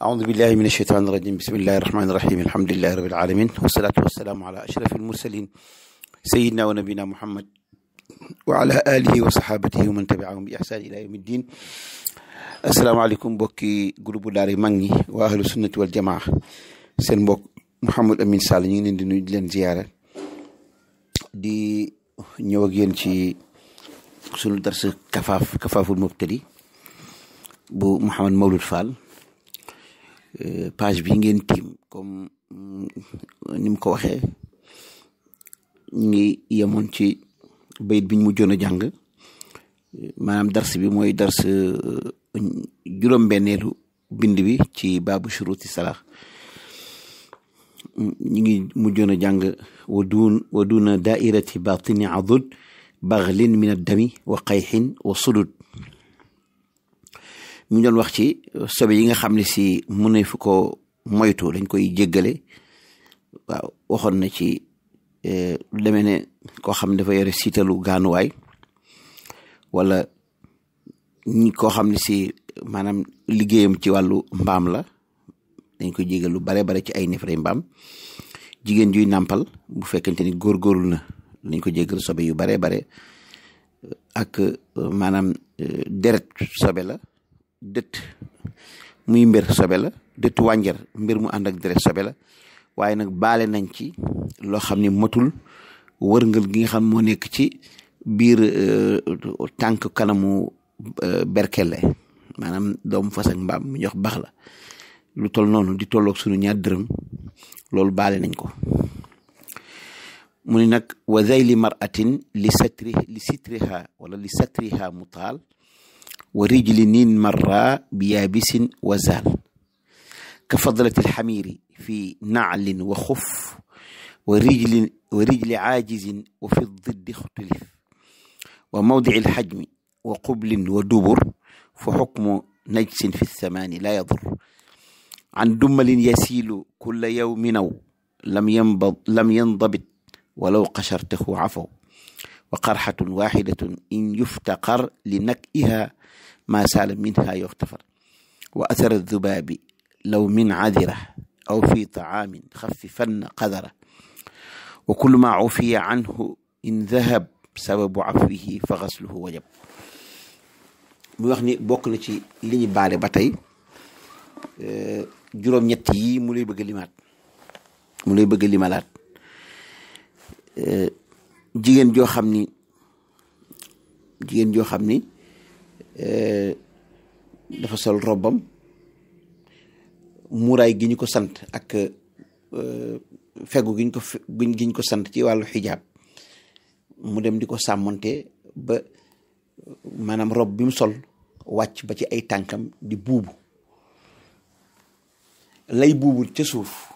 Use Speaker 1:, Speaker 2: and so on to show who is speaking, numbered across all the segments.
Speaker 1: أعوذ بالله من الشيطان الرجيم بسم الله الرحمن الرحيم الحمد لله رب العالمين والصلاة والسلام على أشرف المرسلين سيدنا ونبينا محمد
Speaker 2: وعلى آله
Speaker 1: وصحابته ومن تبعهم بإحسان إلى يوم الدين السلام عليكم بوكي قلوب داري ماني وأهل السنة والجماعة سن بوك محمد أمين سال ñi ngi زيارة دي leen شي سنو درس كفاف كفاف المبتلي بو محمد kafaaf فال Euh, page bi ngeen tiim comme mm, ni mu ko waxee ñu ngi yemoon ci bayit biñ mujjoon a jàng maanaam dars bi mooy dars euh, juróom bind bi ci baabu shuruti salaa mm, ñu ngi mujjoon a jàng wa duun wa duuna ci batini adud baglin min addami wa qayxin wa sudud ñu doon wax ci sobe yi nga xam ne si mëneefu ko moytu dañ koy jéggale waaw waxoon na ci eh, lu demee ne koo xam dafa yore siitalu gaanuwaay wala ñi koo xam ne si maanaam liggéeyam ci wàllu mbaam la dañ koy jégal lu bare bare ci ay nefray mbaam jigéen juy nàmpal bu fekkente ni góorgóorlu na dañ ko jégal sobe yu bare bare ak maanaam eh, deret sobe la dëtt muy mbir sobe la dëtt wànjar mbir mu ànd ak deret sobe la waaye nag baale nañ ci loo xam ne matul wërngal gi nga xam moo nekk ci biir euh, tànk kanamu euh, berkelle maanaam doomu fas mbaam mu jox baax la lu tol noonu di tolloog sunu ñaar dërëm loolu baale nañ ko mu ni nag wa zayli maratin li satri li sitriha wala li satriha mu taal ورجل مرة بيابس وزال كفضلة الحمير في نعل وخف ورجل, ورجل عاجز وفي الضد اختلف وموضع الحجم وقبل ودبر فحكم نجس في الثمان لا يضر عن دمل يسيل كل يوم نو لم ينبض لم ينضبط ولو قشرته عفو wa qarxatun waxidatun in yuftaqar li nak'iha ma saala minha yuxtafar wa athara dhubaabi law min cadira aw fi tacaamin xafifanna qadara wa kullu ma ufiya canhu in dahab sababu afwihi fa xasluhu wajab mu wax ni bokk na ci li ñu baale ba tey euh, juróom-ñett yi mu lay bëgg limaat mu lay bëgg limalaat euh, jigéen joo xam ni jigéen joo xam ni eh, dafa sol robam muuraay gi ñu ko sant ak eh, fegu gi ñu ko gi ko sant ci wàllu xijaab mu dem di ko sàmmonte ba maanaam rob bi mu sol wàcc ba ci ay tànkam di buubu lay buubu ca suuf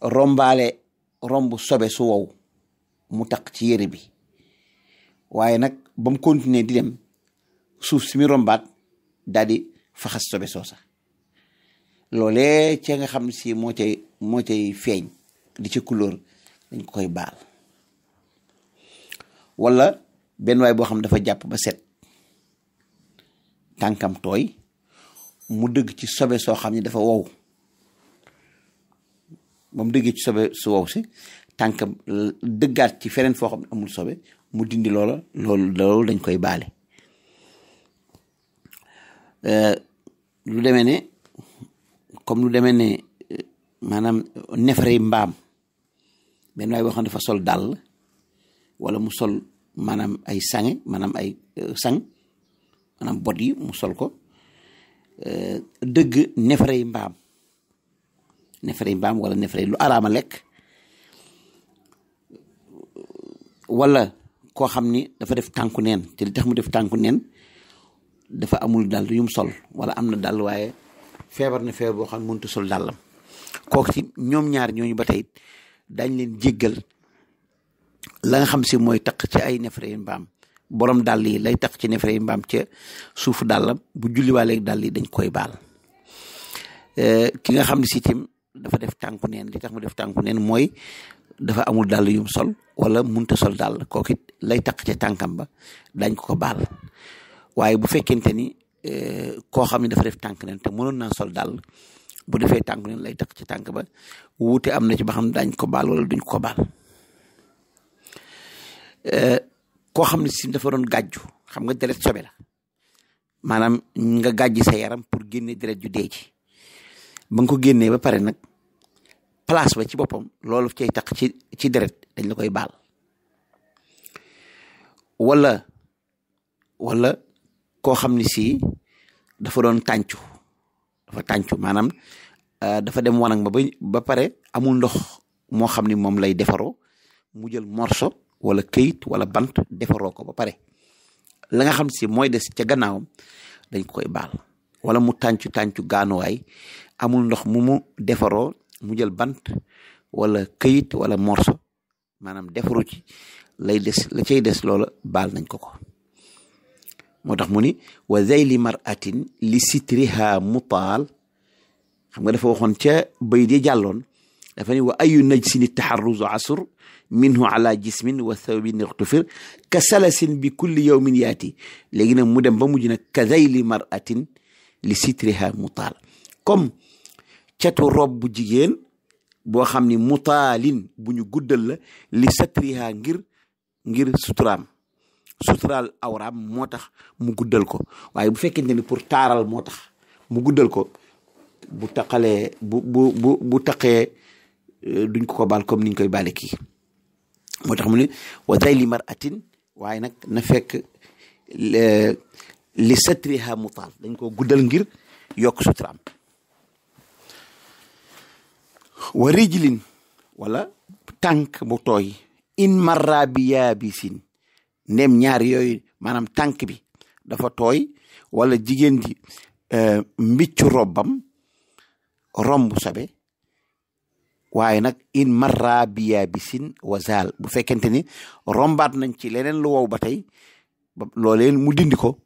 Speaker 1: rombaale romb sobe su wow mu takk ci yére bi waaye nag ba mu continuer di dem suuf si mi rombaat daal di faxas sobe soo sax loolee cee nga xam si moo cay moo cay feeñ di ci couleur dañ ko koy baal wala benn waay boo xam dafa jàpp ba set tànkam tooy mu dëgg ci sobe soo xam ne dafa wow ba mu dëggee ci sobe su wow si tànkam dëggaat ci feneen foo xam ne amul sobe mu dindi loola loolu loolu dañ koy baale euh, lu demee ne comme lu demee ne euh, maanaam neefere mbaam benn waay boo xam dafa sol dàll wala mu sol maanaam ay sange maanaam ay euh, sang maanaam bot yi mu sol ko dëgg neefere mbaam neefere mbaam wala neefere lu araama lekk wala koo xam ni dafa def tànku neen te li tax mu def tànku neen dafa amul dàll yum sol wala am na dàll waaye feebar na feebar boo xam ne mënut sol dàllam kook ci ñoom ñaar ñooñu ba tey dañ leen jéggal la nga xam si mooy taq ci ay neefere yu mbaam borom dàll yi lay taq ci neefere yu mbaam ca suufu dàllam bu julliwaaleeg dàll yi dañ koy baal eh, ki nga xam ne si tim dafa def tànku neen li tax mu def tànku neen mooy dafa amul dàll yum sol wala munta sol daal kooku lay taq ce tànkam ba dañ ko baal waaye bu fekkente ni eh, koo xam ne dafa def tànk neen te mënoon naa sol daal bu defee tànk neen lay takk ca tànk ba wuute am na ci ba xam dañ ko baal wala duñ ko baal eh, koo xam ne si dafa doon gàjju xam nga deret sobe la maanaam nga gàjji sa yaram pour génne deret ju dee ci ba nga ko génnee ba pare nag place ba ci boppam loolu cay tax ci ci deret dañ la koy baal walla wala koo xam ni sii dafa doon tàncu dafa tàncu maanaam euh, dafa dem wanag ba ba pare amul ndox moo xam ni moom lay defaroo mu jël morso wala këyit wala bant defaroo ko ba pare la nga xam si mooy des ca gannaawam dañ ko koy baal wala mu tàncu tàncu gaanuwaay amul ndox mu mu defaroo mu jël bant wala kayit wala morso maanaam defaru ci lay des la cay des loola baal nañ ko ko moo tax mu ni wa zayli maratin li sitriha mutaal xam nga dafa waxoon ca bay di jàlloon dafa ni wa ayu najsin taxarruzu asur minhu ala jismin wa thawbin iqtufir ka salasin bi kulli yawmin yaati léegi nag mu dem ba mujj nag ka zayli maratin li sitriha mutaal comme catu rob bu jigéen boo xam ni mutaalin bu ñu guddal la li satriha ngir ngir suturaam suturaal awraam moo tax mu guddal ko waaye bu fekkente ni pour taaral moo tax mu guddal ko bu taqalee bu bu bu bu taqee euh, duñ ko ko baal comme niñ koy baale ki moo tax mu ne wa dayli maratin waaye nag na fekk euh, li satriha mutaal dañ ko guddal ngir yokk suturaam wa rijlin wala tànk bu tooy in marra bi yaabisin ndem ñaar yooyu maanaam tànk bi dafa tooy walla jigéen ji euh, mbiccu robbam romb sobe waaye nag in marra bi yaabisin wazaal bu fekkente ni rombaat nañ ci leneen lu wow ba tey looleen mu dindi ko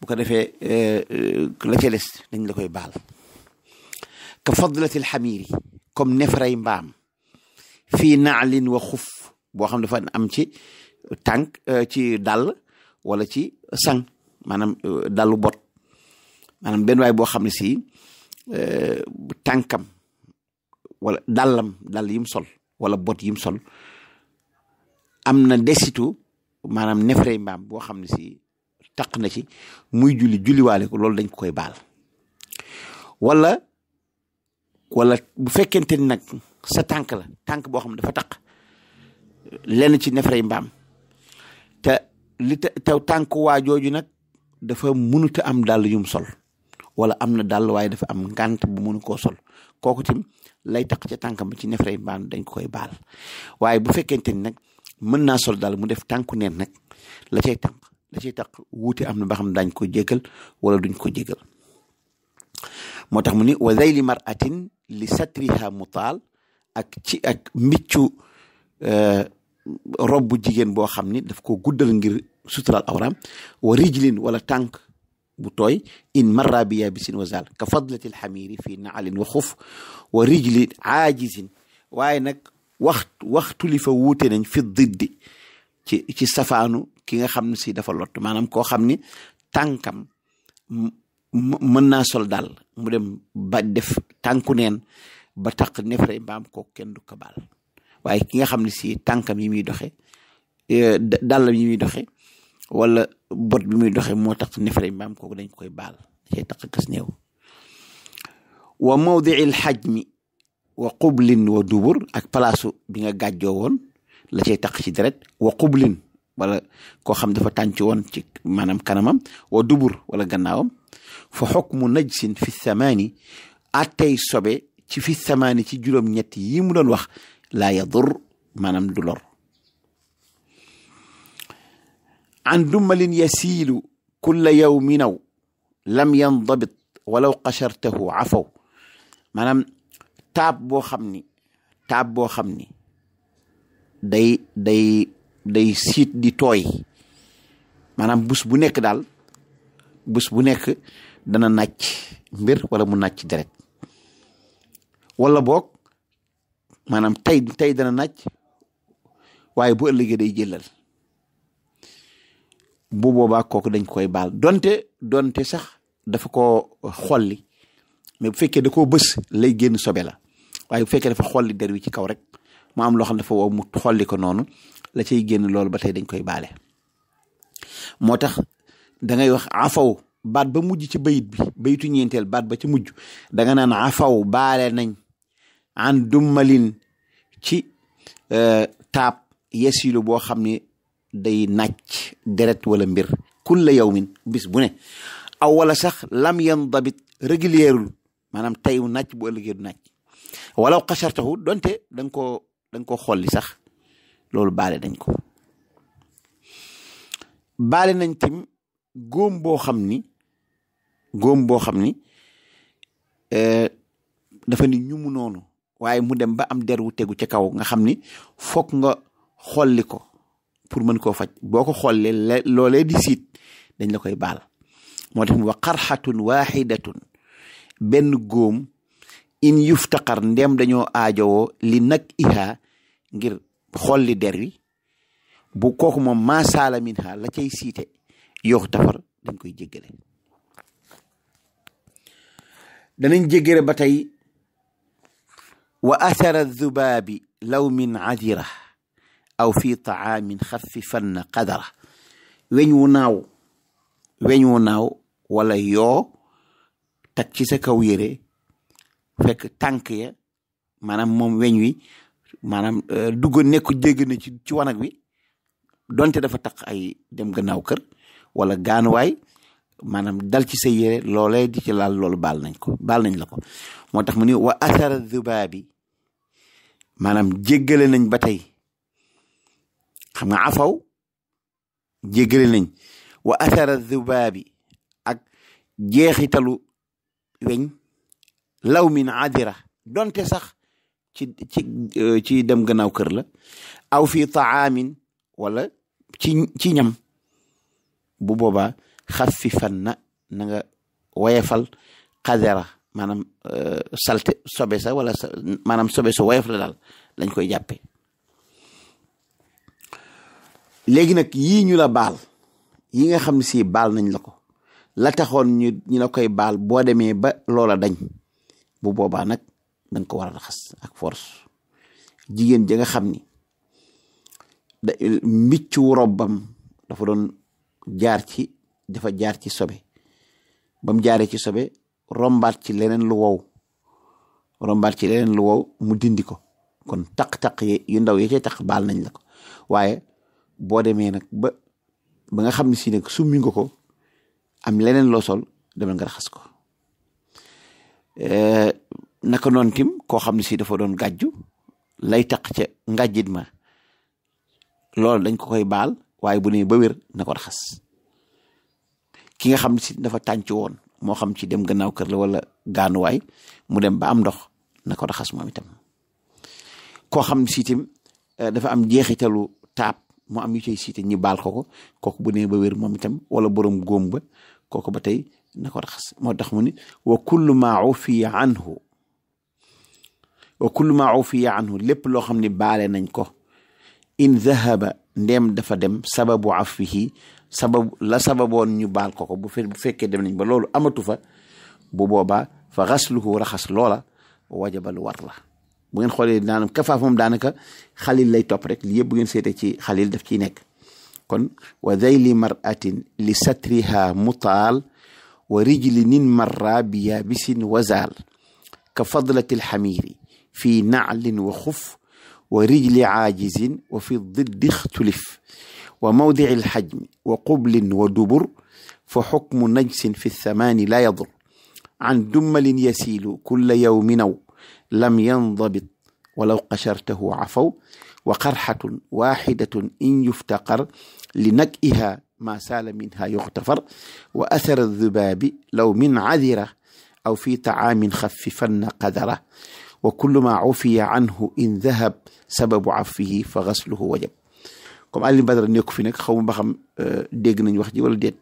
Speaker 1: bu ko defee euh, euh, la ca des dañ la koy baal ka fadlatil xamiiri comme neferay mbaam fii naalin wa xuf boo xam ne dafa am ci tànk euh, ci dàll wala ci sang maanaam euh, dallu bot maanaam benn waay boo xam ne si euh, tànkam wala dàllam dàll yim sol wala bot yim sol am na desitu maanaam neferay mbaam boo xam ne si taq na ci muy julli julliwaale ko loolu dañ ko koy baal wala wala bu fekkente ni nag sa tànk la tànk boo xam ne dafa taq lenn ci neefere mbaam te li te tànk waa jooju nag dafa mënut a am dàll yum sol wala am na dàll waaye dafa am ngànt bu mënu koo sol kooku tim lay taq ca tànkam ci neefere mbaam dañ koy baal waaye bu fekkente ni nag mën naa sol dàll mu def tànku neen nag la cay tànk la cay taq wuute am na ba xam daañ koo jégal wala duñ ko jégal moo tax mu ni wa zayli maratin li satriha mutaal ak ci ak mbiccu euh, rob bu jigéen boo xam ni daf ko guddal ngir sutural awraam wa rijlin wala tànk bu tooy in marra bi yabisin wa zal ka fadlati alxamiri fi naalin wa xuf wa rijli aajisin waaye nag waxtu waxtu li fa wuute nañ fi diddi ci ci safaanu ki nga xam ne si dafa lott maanaam koo xam ni tànkam mën naa sol dal mu dem ba def tànku neen ba taq nefere mbaam ko kenn du ko baal waaye ki nga xam ne si tànkam yi muy doxe eh, dàllam yi muy doxe wala bot bi muy doxe moo taq nefere mbaam ko dañ koy baal cay tax kas néew wa mawdii alxajmi wa qublin wa dubur ak palaasu bi nga gàjjoo woon la cay tax ci deret wa qublin wala koo xam dafa tànc woon ci maanaam kanamam wa dubur wala gannaawam فحكم نجس في الثماني أتي سبي في الثماني تي جلوم نتي وخ لا يضر منام دولار عن دمل يسيل كل يوم نو لم ينضبط ولو قشرته عفو منام تاب بو خمني تاب بو خمني داي داي داي سيت دي توي manam bus bu nek dal bus bu dana nàcc mbir wala mu nàcc deret wala boog maanaam tey tey dana nàcc waaye bu ëllëgee day jëlal bu boobaa kooku dañ koy baal donte donte sax dafa ko xolli mais bu fekkee da koo bës lay génn sobe la waaye bu fekkee dafa xolli der wi ci kaw rek mu am loo xam dafa wow mu xolli ko noonu la ciy génn loolu ba tey dañ koy baale moo tax dangay ngay wax afaw baat ba mujj ci bayit bi bayitu ñeenteel baat ba ci mujj danga naan afaw baale nañ an dummalin ci euh, taab yesilu boo xam ne day nàcc deret wala mbir kulla yawmin bis bu ne aw wala sax lam yandabit régulièrul maanaam tayu nàcc bu ëllëgee du nàcc walaw xasartahu donte da nga koo dang nga koo xolli sax loolu baale nañ ko baale nañ tim góom boo xam ni góom boo xam ni eh, dafa ni ñu noonu waaye mu dem ba am der wu tegu ca kaw nga xam ni foog nga xolli ko pour mën koo faj boo ko xollee loolee di siit dañ la koy baal moo tax mu wax xarxatun waxidatun benn góom in yuftaqar ndem dañoo aajowoo li nag iha ngir xolli der wi bu kooku moom maasaala min ha la cay siite yoox tafar dañ koy jéggale danañ jéggére ba tey wa athara dhubaabi law min adira aw fi taamin xafifanna qadara weñ wu naaw weñ wu naaw wala yoo teg ci sa kaw yére fekk tànk ya maanaam moom weñ wi maanaam euh, dugg nekk jégg na ci ci wanag wi donte dafa taq ay dem gannaaw kër wala gaanuwaay maanaam dal ci sa yére loolee di ci laal loolu baal nañ ko baal nañ la ko moo tax mu ni wa asara zubaabi maanaam jéggale nañ ba tey xam nga afaw jéggale nañ wa asara zubaabi ak jeexitalu weñ law min adira donte sax ci ci euh, ci dem gannaaw kër la aw fi taamin wala ci ci ñam bu boobaa xaffifan na nanga woyafal woyefal xadara maanaam euh, salte sobe sa wala maanaam sobe sa woyef la daal lañ koy jàppe léegi nag yii ñu la baal yi nga xam ne si baal nañ la ko la taxoon ñu ñu la koy baal boo demee ba loola dañ bu boobaa nag dañ ko war a jigéen ja nga xam ni da mbiccu robbam dafa doon jaar ci dafa jaar ci sobe ba mu jaaree ci sobe rombaat ci leneen lu wow rombaat ci leneen lu wow mu dindi ko kon taq-taq yu ndaw yi cay taq baal nañ la ko waaye boo demee nag ba ba nga xam ne si nag summi nga ko am leneen loo sol demal nga raxas ko eh, naka noon tim koo xam ne si dafa doon gàjju lay taq ce ngàjjit ma loolu dañ ko koy baal waaye bu ne ba wér na ko raxas ki nga xam ne si dafa tànc woon moo xam ci dem ganaaw kër la walla gaanuwaay mu dem ba am ndox na ko raxas moom itam koo xam ne si eh, dafa am jeexitalu taab mu am yu cay siite ñi baal ko ko kooku bu nee ba wér moom itam wala borom góom ba kooku ba tey na ko raxas moo tax mu ni wa kullu maa ufiya anhu wa kullu maa ufiya anhu lépp loo xam ne baale nañ ko in dhahaba ndem dafa dem sababu afihi sabab la sababoon ñu bal ko ko bu fekke dem nañ ba lolu amatu fa bu boba fa ghasluhu raxas lola wajabal war bu ngeen xolé nanam kafaaf moom daanaka xalil lay top rek li yëpp bu ngeen sété ci khalil daf ci nek kon wa dayli maratin li satriha mutal wa rijlinin marra bi bisin wazal ka fadlati alxamiiri fi na'lin wa khuf wa rijli ajizin wa fi dhiddi ikhtulif وموضع الحجم وقبل ودبر فحكم نجس في الثمان لا يضر عن دمل يسيل كل يوم نو لم ينضبط ولو قشرته عفو وقرحة واحدة إن يفتقر لنكئها ما سال منها يغتفر وأثر الذباب لو من عذرة أو في طعام خففن قذرة وكل ما عفي عنه إن ذهب سبب عفه فغسله وجب comme Alioune Badara nekku fi nag xaw ma euh, dégg nañ wax ji wala déet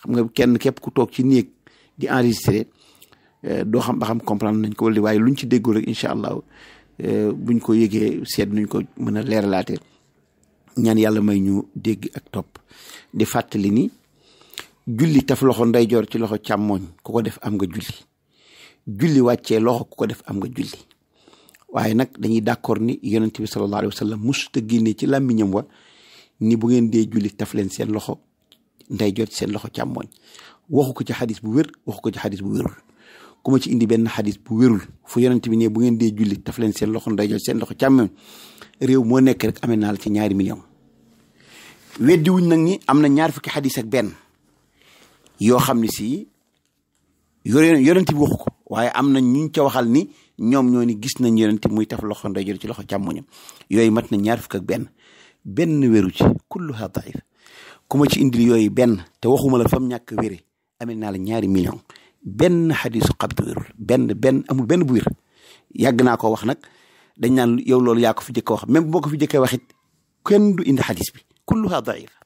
Speaker 1: xam nga kenn képp ku toog ci néeg di enregistré euh, doo xam ba xam nañ ko wala waaye luñ ci déggoo rek incha allah euh, buñ ko yëgee seet nuñ ko mën a leeralaatee ñaan yàlla may ñu dégg ak topp di fàttali ni julli taf loxo ndeyjoor ci loxo càmmooñ ku ko def am nga julli julli wàccee loxo ku ko def am nga julli waaye nag dañuy d'accord ni yonent bi sallallahu alayhi wa sallam mosut a génnee ci làmmiñam wa ni bu ngeen dee julli taf leen seen loxo nday jot seen loxo càmmooñ waxu ko ci xadis bu wér waxu ko ci xadis bu wérul ku ma ci indi benn xadis bu wérul fu yonent bi ne bu ngeen dee julli taf leen seen loxo nday jot seen loxo càmmooñ réew moo nekk rek amee naa la ci ñaari million weddi wuñ nag ni am na ñaar fukki xadis ak benn yoo xam ne si yore bi waxu ko waaye am na ñuñ ca waxal ni ñoom ñoo ni gis nañ yonent muy taf loxo nday jot ci loxo càmmoñam yooyu mat na ñaar fukk ak benn بن ويروتي كلها ضعيف كما تي اندي يوي بن تا واخوما لا فام نياك ويري امينا لا نياري مليون بن حديث قبض ويرول بن بن أم بن بوير ياغنا كو واخ نك دا نان في ديك واخ ميم بوكو في ديك واخيت كين دو حديث بي كلها ضعيف